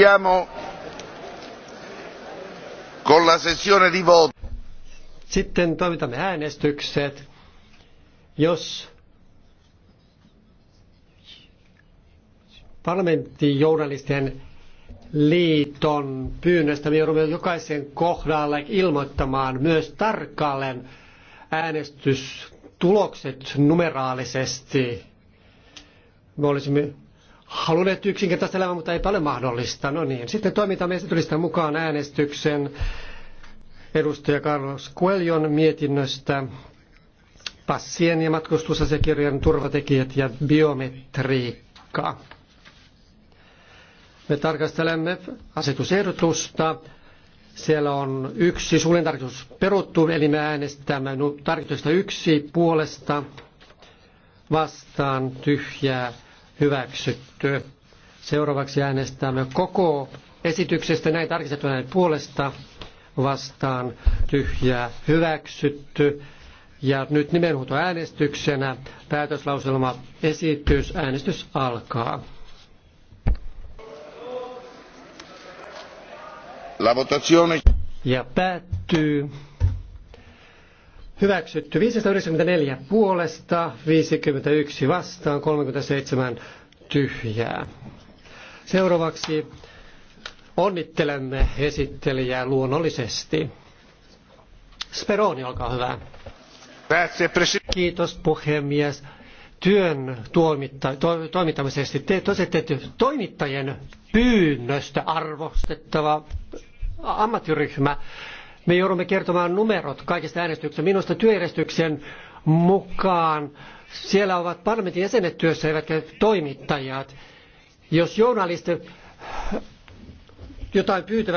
Procediamo con la sessione di voto. Sitten toimitamme äänestykset. Jos parlamentin journalistien liiton pyynnöstä me joudumme jokaisen kohdalle ilmoittamaan myös tarkalleen äänestystulokset numeraalisesti. Me olisimme halunneet yksinkertaista elämää, mutta ei ole mahdollista. No niin, sitten toimintamme esitystä mukaan äänestyksen edustaja Carlos Coelion mietinnöstä passien ja matkustusasiakirjan turvatekijät ja biometriikka. Me tarkastelemme asetusehdotusta. Siellä on yksi tarkoitus peruttu, eli me äänestämme tarkistusta yksi puolesta vastaan tyhjää hyväksytty. Seuraavaksi äänestämme koko esityksestä näin tarkistettuna puolesta vastaan tyhjää hyväksytty. Ja nyt nimenhuuto äänestyksenä päätöslauselma esitys. Äänestys alkaa. La votazione. Ja päättyy. Hyväksytty 594 puolesta, 51 vastaan, 37 tyhjää. Seuraavaksi onnittelemme esittelijää luonnollisesti. Speroni, olkaa hyvä. Kiitos puhemies. Työn tuomitta, to, toimittamisesta te tositte toimittajien pyynnöstä arvostettava ammattiryhmä me joudumme kertomaan numerot kaikista äänestyksistä. Minusta työjärjestyksen mukaan siellä ovat parlamentin jäsenet työssä, eivätkä toimittajat. Jos journalistit jotain pyytävät,